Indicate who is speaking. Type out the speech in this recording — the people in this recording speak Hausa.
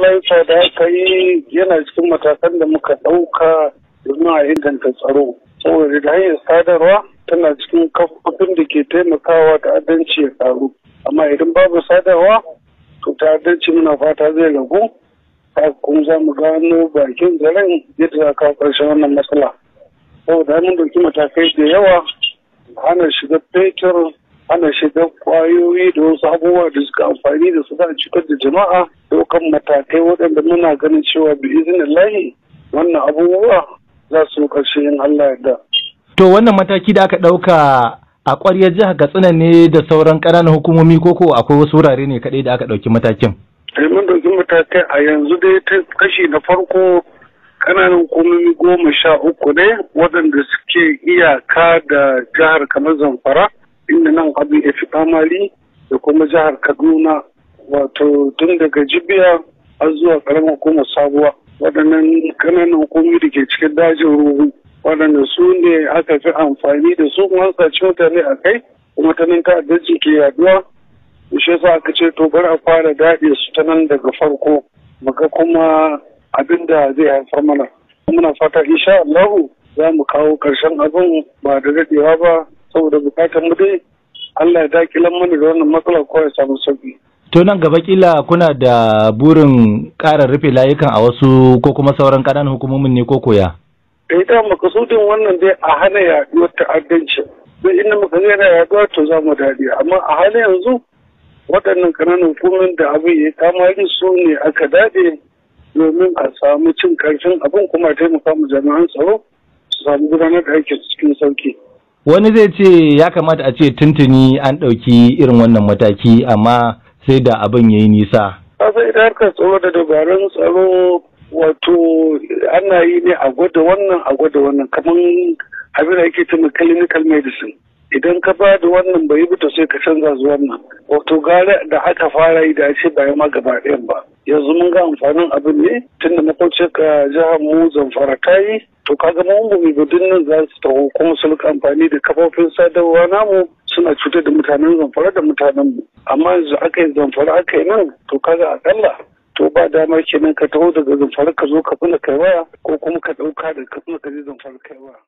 Speaker 1: laifa da aka yi yana cikin matakan da muka ɗauka domin a inganta tsaro. Saboda da hanyar sadarwa tana cikin kafofin da ke taimakawa da adalci ya faru. Amma idan babu sadarwa, to ta adalci muna fata zai ragu. Ta kuma za mu gano bakin zaren yadda za ka ƙarshen wannan matsala. Saboda mun ɗauki matakai da yawa hana shiga fetur, hana shiga ƙwayoyi da wasu abubuwa da suka amfani da su za a cutar da jama'a. ɗaukan matakai waɗanda muna ganin cewa bi izinin wannan abubuwa za su ƙarshe yin Allah da.
Speaker 2: To wannan mataki da aka ɗauka a ƙwaryar jihar Katsina ne da sauran ƙananan hukumomi ko ko akwai wasu wurare ne kaɗai da aka ɗauki matakin?
Speaker 1: Eh, mun ɗauki matakai a yanzu dai ta kashi na farko ƙananan hukumomi goma sha uku ne waɗanda suke iyaka da jihar kamar Zamfara inda nan abin ya fi da kuma jihar Kaduna wato tun daga jibiya har zuwa karamar hukumar sabuwa waɗannan kananan hukumi da ke cikin dajin ruhu waɗanda su ne aka fi amfani da su kuma ci mutane a kai kuma ta nan ta ke yaduwa shi yasa aka ce to bar a fara daɗe su ta nan daga farko ga kuma abin da zai haifar mana muna fata insha Allah za mu kawo ƙarshen abin ba da daɗewa ba saboda bukatar mu dai Allah ya daƙilan mana da wannan matsalar kawai samun samu
Speaker 2: to nan gaba kila kuna da burin ƙara rufe layukan a wasu ko kuma sauran ƙananan hukumomin ne ko koya
Speaker 1: eh da makasudin wannan dai a hana yaduwar ta'addanci sai inda muka ga yana yaduwa to za mu dadi amma a halin yanzu waɗannan ƙananan hukumomin da abin ya kamari su ne aka dade domin a samu cin karfin abin kuma taimaka mu jami'an tsaro su samu gudanar da aikin cikin sauki
Speaker 2: wani zai ce ya kamata a ce tuntuni an ɗauki irin wannan mataki amma sai da abin ya yi nisa.
Speaker 1: Kasa da harkar tsoro da dabarun tsaro wato ana yi ne a gwada wannan a gwada wannan kamar abin da yake tuna clinical medicine. Idan ka ba da wannan bai bi sai ka canza zuwa wannan. Wato gare da aka fara yi da ce bayan ma gaba ɗayan ba. Yanzu mun ga amfanin abin ne tun da na ka jihar mu zamfara kayi to kaga mu budin nan za su taho kuma su rika amfani da kafofin sadarwa namu suna cutar da mutanen zamfara da mutanen mu amma yanzu aka yi zamfara aka yi nan to kaga akalla to ba dama kenan ka taho daga zamfara ka zo ka fi kai waya ko kuma ka ɗauka daga kafin ka je zamfara kai waya.